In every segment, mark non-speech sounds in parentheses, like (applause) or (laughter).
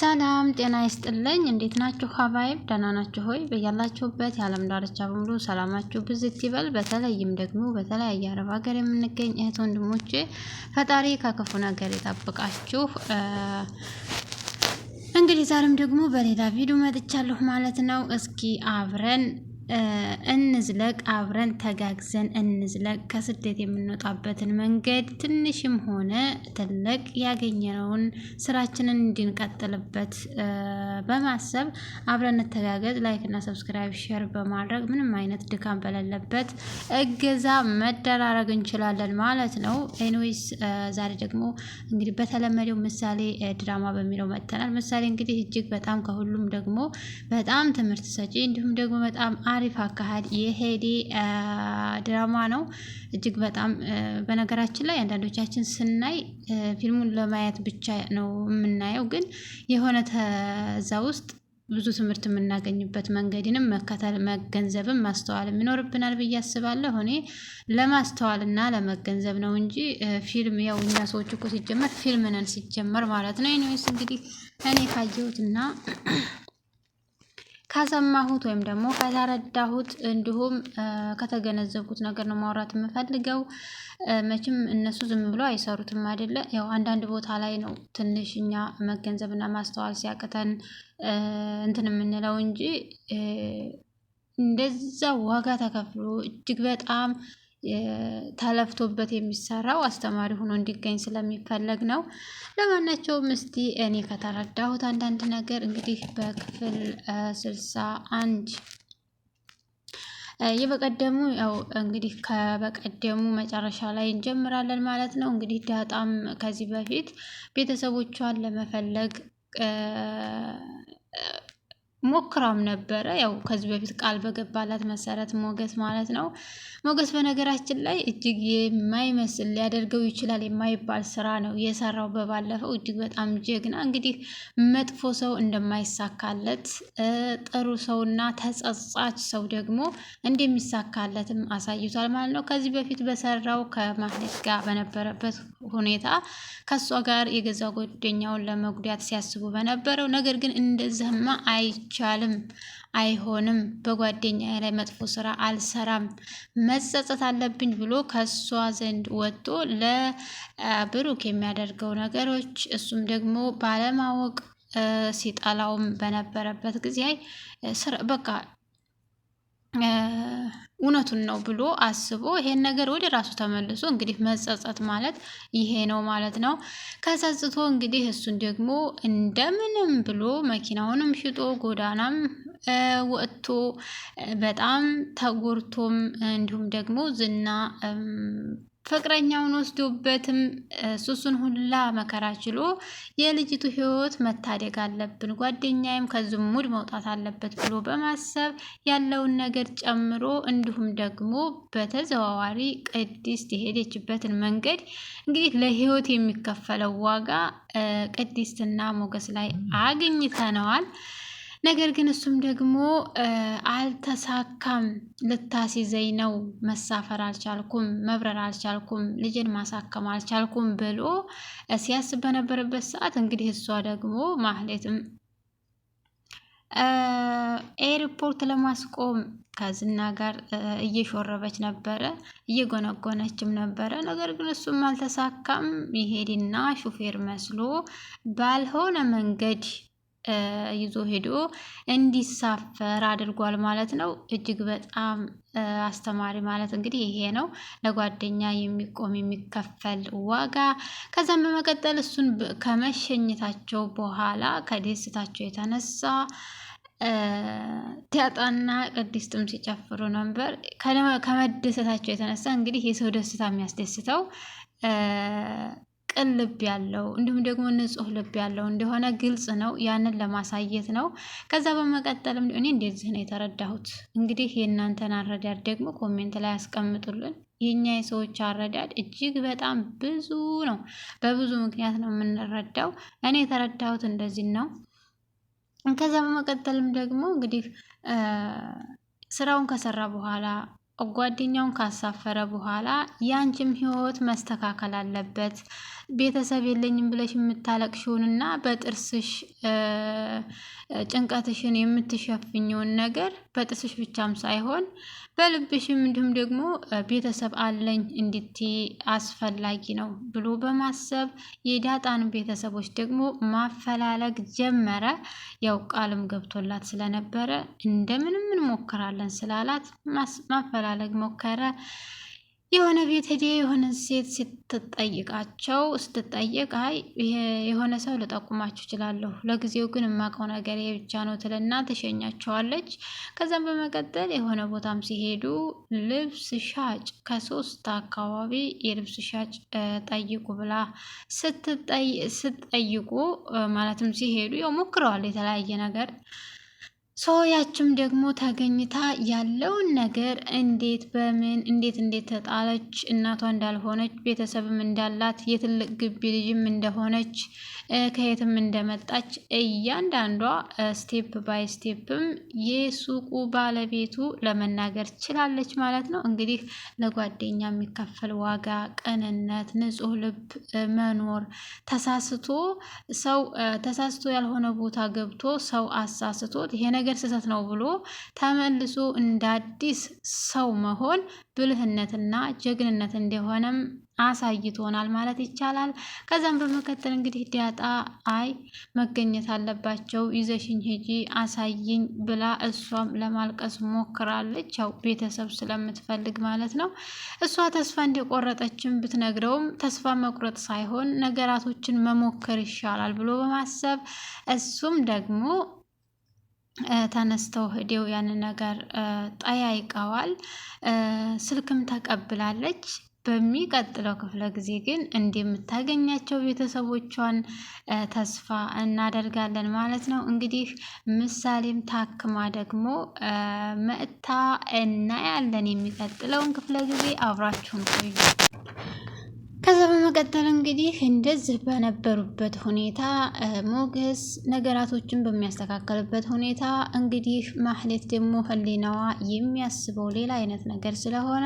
ሰላም ጤና ይስጥልኝ። እንዴት ናችሁ? ሀባይብ ደህና ናችሁ ሆይ? በያላችሁበት የዓለም ዳርቻ በሙሉ ሰላማችሁ ብዝት ይበል። በተለይም ደግሞ በተለያየ አረብ ሀገር የምንገኝ እህት ወንድሞቼ ፈጣሪ ከክፉ ነገር ይጠብቃችሁ። እንግዲህ ዛሬም ደግሞ በሌላ ቪዲዮ መጥቻለሁ ማለት ነው። እስኪ አብረን እንዝለቅ፣ አብረን ተጋግዘን እንዝለቅ። ከስደት የምንወጣበትን መንገድ ትንሽም ሆነ ትልቅ ያገኘነውን ስራችንን እንድንቀጥልበት በማሰብ አብረን እንተጋገዝ። ላይክና ሰብስክራይብ፣ ሼር በማድረግ ምንም አይነት ድካም በሌለበት እገዛ መደራረግ እንችላለን ማለት ነው። ኤኒዌይስ ዛሬ ደግሞ እንግዲህ በተለመደው ምሳሌ ድራማ በሚለው መጥተናል። ምሳሌ እንግዲህ እጅግ በጣም ከሁሉም ደግሞ በጣም ትምህርት ሰጪ እንዲሁም ደግሞ በጣም አሪፍ አካሄድ የሄዲ ድራማ ነው። እጅግ በጣም በነገራችን ላይ አንዳንዶቻችን ስናይ ፊልሙን ለማየት ብቻ ነው የምናየው፣ ግን የሆነ ተዛ ውስጥ ብዙ ትምህርት የምናገኝበት መንገድንም መከተል መገንዘብም ማስተዋል የሚኖርብናል ብዬ አስባለሁ። እኔ ለማስተዋልና ለመገንዘብ ነው እንጂ ፊልም ያው እኛ ሰዎች እኮ ሲጀመር ፊልም ነን ሲጀመር ማለት ነው። ኒስ እንግዲህ እኔ ካየሁትና ከሰማሁት ወይም ደግሞ ከተረዳሁት እንዲሁም ከተገነዘብኩት ነገር ነው ማውራት የምፈልገው። መቼም እነሱ ዝም ብሎ አይሰሩትም አይደለ? ያው አንዳንድ ቦታ ላይ ነው ትንሽ እኛ መገንዘብና ማስተዋል ሲያቅተን እንትን የምንለው እንጂ እንደዛ ዋጋ ተከፍሎ እጅግ በጣም ተለፍቶበት የሚሰራው አስተማሪ ሆኖ እንዲገኝ ስለሚፈለግ ነው። ለማናቸውም እስቲ እኔ ከተረዳሁት አንዳንድ ነገር እንግዲህ በክፍል ስልሳ አንድ የበቀደሙ ያው እንግዲህ ከበቀደሙ መጨረሻ ላይ እንጀምራለን ማለት ነው። እንግዲህ ዳጣም ከዚህ በፊት ቤተሰቦቿን ለመፈለግ ሞክራም ነበረ። ያው ከዚህ በፊት ቃል በገባላት መሰረት ሞገስ ማለት ነው። ሞገስ በነገራችን ላይ እጅግ የማይመስል ሊያደርገው ይችላል የማይባል ስራ ነው የሰራው በባለፈው። እጅግ በጣም ጀግና እንግዲህ መጥፎ ሰው እንደማይሳካለት ጥሩ ሰውና ተጸጻች ሰው ደግሞ እንደሚሳካለትም አሳይቷል ማለት ነው። ከዚህ በፊት በሰራው ከማህሌት ጋር በነበረበት ሁኔታ ከእሷ ጋር የገዛ ጓደኛውን ለመጉዳት ሲያስቡ በነበረው ነገር ግን እንደዚህማ አይ አይቻልም፣ አይሆንም፣ በጓደኛዬ ላይ መጥፎ ስራ አልሰራም፣ መጸጸት አለብኝ ብሎ ከሷ ዘንድ ወጥቶ ለብሩክ የሚያደርገው ነገሮች እሱም ደግሞ ባለማወቅ ሲጠላውም በነበረበት ጊዜ በቃ እውነቱን ነው ብሎ አስቦ ይሄን ነገር ወደ ራሱ ተመልሶ እንግዲህ መጸጸት ማለት ይሄ ነው ማለት ነው። ከጸጽቶ እንግዲህ እሱን ደግሞ እንደምንም ብሎ መኪናውንም ሽጦ ጎዳናም ወጥቶ በጣም ተጎድቶም እንዲሁም ደግሞ ዝና ፍቅረኛውን ወስዶበትም ሱሱን ሁላ መከራ ችሎ የልጅቱ ህይወት መታደግ አለብን፣ ጓደኛዬም ከዝሙድ መውጣት አለበት ብሎ በማሰብ ያለውን ነገር ጨምሮ እንዲሁም ደግሞ በተዘዋዋሪ ቅድስት የሄደችበትን መንገድ እንግዲህ ለህይወት የሚከፈለው ዋጋ ቅድስትና ሞገስ ላይ አግኝተነዋል። ነገር ግን እሱም ደግሞ አልተሳካም፣ ልታስይዘኝ ነው፣ መሳፈር አልቻልኩም፣ መብረር አልቻልኩም፣ ልጅን ማሳከም አልቻልኩም ብሎ ሲያስብ በነበረበት ሰዓት እንግዲህ እሷ ደግሞ ማህሌትም ኤርፖርት ለማስቆም ከዝና ጋር እየሾረበች ነበረ፣ እየጎነጎነችም ነበረ። ነገር ግን እሱም አልተሳካም። ይሄድና ሹፌር መስሎ ባልሆነ መንገድ ይዞ ሄዶ እንዲሳፈር አድርጓል ማለት ነው። እጅግ በጣም አስተማሪ ማለት እንግዲህ ይሄ ነው፣ ለጓደኛ የሚቆም የሚከፈል ዋጋ። ከዛም በመቀጠል እሱን ከመሸኘታቸው በኋላ ከደስታቸው የተነሳ ዳጣና ቅድስትም ሲጨፍሩ ነበር። ከመደሰታቸው የተነሳ እንግዲህ የሰው ደስታ የሚያስደስተው ቅን ልብ ያለው እንዲሁም ደግሞ ንጹህ ልብ ያለው እንደሆነ ግልጽ ነው። ያንን ለማሳየት ነው። ከዛ በመቀጠልም እኔ እንደዚህ ነው የተረዳሁት። እንግዲህ የእናንተን አረዳድ ደግሞ ኮሜንት ላይ ያስቀምጡልን። የእኛ የሰዎች አረዳድ እጅግ በጣም ብዙ ነው። በብዙ ምክንያት ነው የምንረዳው። እኔ የተረዳሁት እንደዚህ ነው። ከዛ በመቀጠልም ደግሞ እንግዲህ ስራውን ከሰራ በኋላ ጓደኛውን ካሳፈረ በኋላ ያንቺም ህይወት መስተካከል አለበት ቤተሰብ የለኝም ብለሽ የምታለቅሽውንና በጥርስሽ ጭንቀትሽን የምትሸፍኘውን ነገር በጥርስሽ ብቻም ሳይሆን በልብሽም እንዲሁም ደግሞ ቤተሰብ አለኝ እንድትይ አስፈላጊ ነው ብሎ በማሰብ የዳጣን ቤተሰቦች ደግሞ ማፈላለግ ጀመረ። ያው ቃልም ገብቶላት ስለነበረ እንደምንም እንሞክራለን ስላላት ማፈላለግ ሞከረ። የሆነ ቤት ሄደ የሆነ ሴት ስትጠይቃቸው ስትጠየቅ አይ የሆነ ሰው ልጠቁማችሁ እችላለሁ፣ ለጊዜው ግን የማውቀው ነገር ብቻ ነው ትልና ትሸኛቸዋለች። ከዛም በመቀጠል የሆነ ቦታም ሲሄዱ ልብስ ሻጭ ከሶስት አካባቢ የልብስ ሻጭ ጠይቁ ብላ ስትጠይቁ ማለትም ሲሄዱ ያው ሞክረዋል የተለያየ ነገር ሶያችም ደግሞ ተገኝታ ያለውን ነገር እንዴት በምን እንዴት እንዴት ተጣለች፣ እናቷ እንዳልሆነች ቤተሰብም እንዳላት የትልቅ ግቢ ልጅም እንደሆነች ከየትም እንደመጣች እያንዳንዷ ስቴፕ ባይ ስቴፕም የሱቁ ባለቤቱ ለመናገር ችላለች ማለት ነው። እንግዲህ ለጓደኛ የሚከፈል ዋጋ፣ ቅንነት፣ ንጹህ ልብ መኖር ተሳስቶ ሰው ተሳስቶ ያልሆነ ቦታ ገብቶ ሰው አሳስቶት ይሄ ነገር ስህተት ነው ብሎ ተመልሶ እንደ አዲስ ሰው መሆን ብልህነትና ጀግንነት እንደሆነም አሳይቶናል ማለት ይቻላል። ከዛም በመከተል እንግዲህ ዳጣ አይ መገኘት አለባቸው ይዘሽኝ ሂጂ አሳይኝ ብላ እሷም ለማልቀስ ሞክራለች። ያው ቤተሰብ ስለምትፈልግ ማለት ነው። እሷ ተስፋ እንደቆረጠችም ብትነግረውም ተስፋ መቁረጥ ሳይሆን ነገራቶችን መሞከር ይሻላል ብሎ በማሰብ እሱም ደግሞ ተነስተው ሂደው ያንን ነገር ጠያይቀዋል። ስልክም ተቀብላለች። በሚቀጥለው ክፍለ ጊዜ ግን እንደምታገኛቸው ቤተሰቦቿን ተስፋ እናደርጋለን ማለት ነው። እንግዲህ ምሳሌም ታክማ ደግሞ መእታ እናያለን። የሚቀጥለውን ክፍለ ጊዜ አብራችሁን ቆዩ። ከዛ በመቀጠል እንግዲህ እንደዚህ በነበሩበት ሁኔታ ሞገስ ነገራቶችን በሚያስተካከልበት ሁኔታ እንግዲህ ማህሌት ደግሞ ህሊናዋ የሚያስበው ሌላ አይነት ነገር ስለሆነ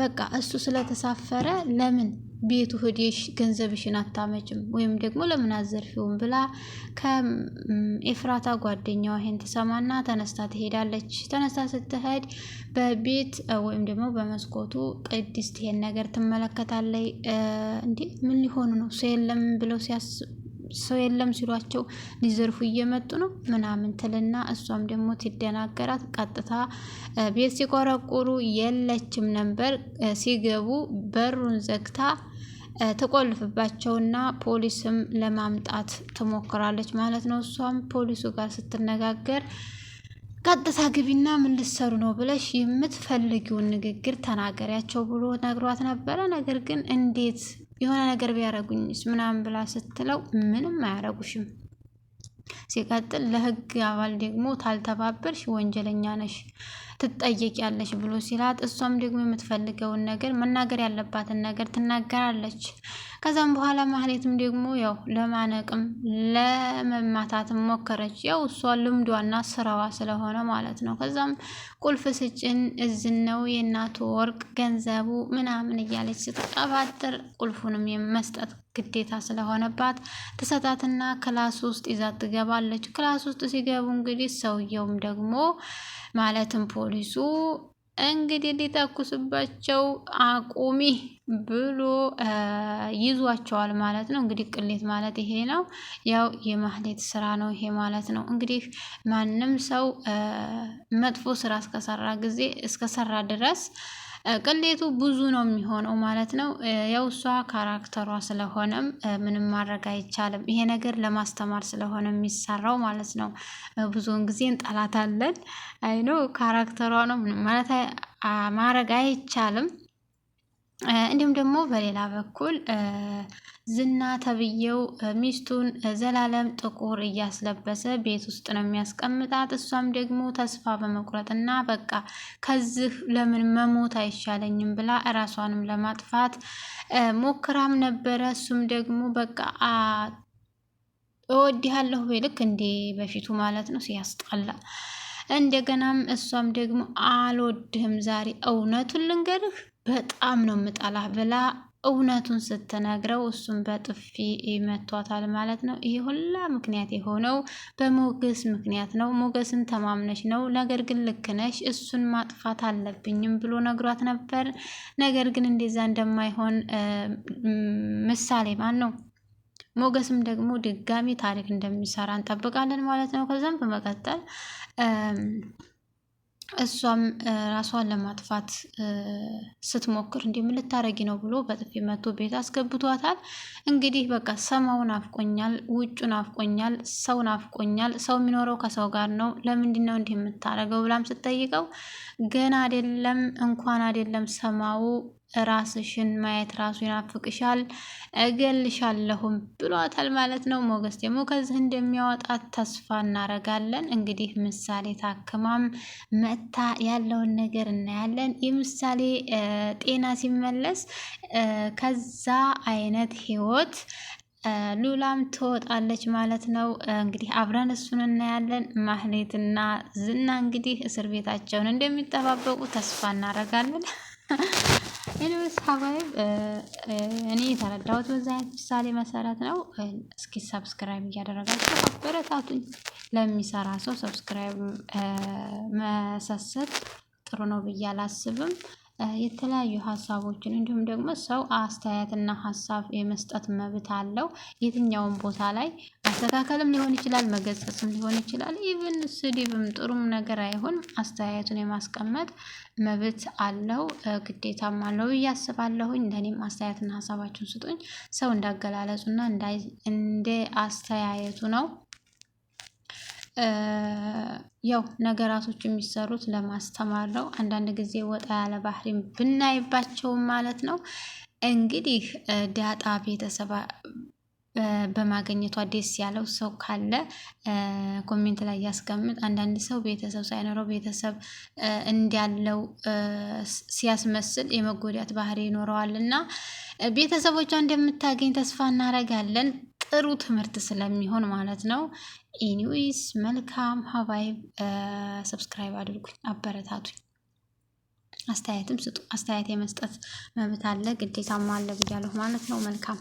በቃ እሱ ስለተሳፈረ ለምን ቤቱ ሂደሽ ገንዘብሽን አታመጭም ወይም ደግሞ ለምን አዘርፊውም ብላ ከኤፍራታ ጓደኛዋ ይሄን ትሰማና ተነስታ ትሄዳለች። ተነስታ ስትሄድ በቤት ወይም ደግሞ በመስኮቱ ቅድስት ይሄን ነገር ትመለከታለይ። እንዴ ምን ሊሆኑ ነው? ሰው የለም ብለው ሰው የለም ሲሏቸው ሊዘርፉ እየመጡ ነው ምናምን ትልና እሷም ደግሞ ትደናገራት። ቀጥታ ቤት ሲቆረቁሩ የለችም ነበር። ሲገቡ በሩን ዘግታ ተቆልፍባቸውና ፖሊስም ለማምጣት ትሞክራለች ማለት ነው። እሷም ፖሊሱ ጋር ስትነጋገር ቀጥታ ግቢና ምን ልትሰሩ ነው ብለሽ የምትፈልጊውን ንግግር ተናገሪያቸው ብሎ ነግሯት ነበረ። ነገር ግን እንዴት የሆነ ነገር ቢያረጉኝስ ምናምን ብላ ስትለው ምንም አያረጉሽም ሲቀጥል ለህግ አባል ደግሞ ታልተባበርሽ ወንጀለኛ ነሽ ትጠየቂያለች ብሎ ሲላት እሷም ደግሞ የምትፈልገውን ነገር መናገር ያለባትን ነገር ትናገራለች። ከዛም በኋላ ማህሌትም ደግሞ ያው ለማነቅም ለመማታትም ሞከረች። ያው እሷ ልምዷና ስራዋ ስለሆነ ማለት ነው። ከዛም ቁልፍ ስጭን እዝን ነው የእናቱ ወርቅ ገንዘቡ ምናምን እያለች ስትቀባጥር ቁልፉንም የመስጠት ግዴታ ስለሆነባት ትሰጣትና ክላስ ውስጥ ይዛት ትገባለች። ክላስ ውስጥ ሲገቡ እንግዲህ ሰውየውም ደግሞ ማለትም ፖሊሱ እንግዲህ ሊተኩስባቸው አቁሚ ብሎ ይዟቸዋል ማለት ነው። እንግዲህ ቅሌት ማለት ይሄ ነው። ያው የማህሌት ስራ ነው ይሄ ማለት ነው። እንግዲህ ማንም ሰው መጥፎ ስራ እስከሰራ ጊዜ እስከሰራ ድረስ ቅሌቱ ብዙ ነው የሚሆነው ማለት ነው። ያው እሷ ካራክተሯ ስለሆነም ምንም ማድረግ አይቻልም። ይሄ ነገር ለማስተማር ስለሆነ የሚሰራው ማለት ነው። ብዙውን ጊዜ እንጠላታለን። አይ ነው ካራክተሯ ነው ምንም ማለት ማድረግ አይቻልም። እንዲሁም ደግሞ በሌላ በኩል ዝና ተብዬው ሚስቱን ዘላለም ጥቁር እያስለበሰ ቤት ውስጥ ነው የሚያስቀምጣት። እሷም ደግሞ ተስፋ እና በቃ ከዚህ ለምን መሞት አይሻለኝም ብላ እራሷንም ለማጥፋት ሞክራም ነበረ። እሱም ደግሞ በቃ እወድሃለሁ ወይ ልክ እንዴ በፊቱ ማለት ነው ሲያስጠላ እንደገናም እሷም ደግሞ አልወድህም ዛሬ እውነቱን ልንገርህ በጣም ነው የምጠላህ ብላ እውነቱን ስትነግረው እሱን በጥፊ መቷታል ማለት ነው። ይህ ሁላ ምክንያት የሆነው በሞገስ ምክንያት ነው። ሞገስን ተማምነች ነው። ነገር ግን ልክ ነሽ፣ እሱን ማጥፋት አለብኝም ብሎ ነግሯት ነበር። ነገር ግን እንደዛ እንደማይሆን ምሳሌ ማን ነው ሞገስም ደግሞ ድጋሚ ታሪክ እንደሚሰራ እንጠብቃለን ማለት ነው። ከዛም በመቀጠል እሷም ራሷን ለማጥፋት ስትሞክር እንዲህ ምን ልታረጊ ነው ብሎ በጥፊ መቶ ቤት አስገብቷታል። እንግዲህ በቃ ሰማው ናፍቆኛል፣ ውጩ ናፍቆኛል፣ ሰው ናፍቆኛል፣ ሰው የሚኖረው ከሰው ጋር ነው፣ ለምንድን ነው እንዲህ የምታረገው ብላም ስትጠይቀው ገና አይደለም እንኳን አይደለም ሰማው ራስሽን ማየት ራሱ ይናፍቅሻል፣ እገልሻለሁም ብሏታል ማለት ነው። ሞገስ ደግሞ ከዚህ እንደሚያወጣት ተስፋ እናረጋለን። እንግዲህ ምሳሌ ታክማም መታ ያለውን ነገር እናያለን። የምሳሌ ጤና ሲመለስ ከዛ አይነት ህይወት ሉላም ትወጣለች ማለት ነው። እንግዲህ አብረን እሱን እናያለን። ማህሌትና ዝና እንግዲህ እስር ቤታቸውን እንደሚጠባበቁ ተስፋ እናረጋለን። (laughs) ኤኒዌይስ ሀባይብ እኔ የተረዳሁት በዛ አይነት ምሳሌ መሰረት ነው። እስኪ ሰብስክራይብ እያደረጋችሁ አበረታቱኝ። ለሚሰራ ሰው ሰብስክራይብ መሰሰት ጥሩ ነው ብዬ አላስብም። የተለያዩ ሀሳቦችን እንዲሁም ደግሞ ሰው አስተያየትና ሀሳብ የመስጠት መብት አለው። የትኛውም ቦታ ላይ አስተካከልም ሊሆን ይችላል መገሰጽም ሊሆን ይችላል ኢቭን ስድብም ጥሩም ነገር አይሆን አስተያየቱን የማስቀመጥ መብት አለው ግዴታም አለው ብዬ አስባለሁኝ። እንደኔም አስተያየትና ሀሳባችሁን ስጡኝ ሰው እንደ አገላለጹና እንደ አስተያየቱ ነው። ያው ነገራቶች የሚሰሩት ለማስተማር ነው። አንዳንድ ጊዜ ወጣ ያለ ባህሪም ብናይባቸውም ማለት ነው። እንግዲህ ዳጣ ቤተሰብ በማገኘቷ ደስ ያለው ሰው ካለ ኮሜንት ላይ ያስቀምጥ። አንዳንድ ሰው ቤተሰብ ሳይኖረው ቤተሰብ እንዳለው ሲያስመስል የመጎዳት ባህሪ ይኖረዋል እና ቤተሰቦቿ እንደምታገኝ ተስፋ እናደርጋለን። ጥሩ ትምህርት ስለሚሆን ማለት ነው። ኢኒዌይስ መልካም ሀባይ ሰብስክራይብ አድርጉኝ፣ አበረታቱኝ፣ አስተያየትም ስጡ። አስተያየት የመስጠት መብት አለ ግዴታም አለ ብያለሁ ማለት ነው። መልካም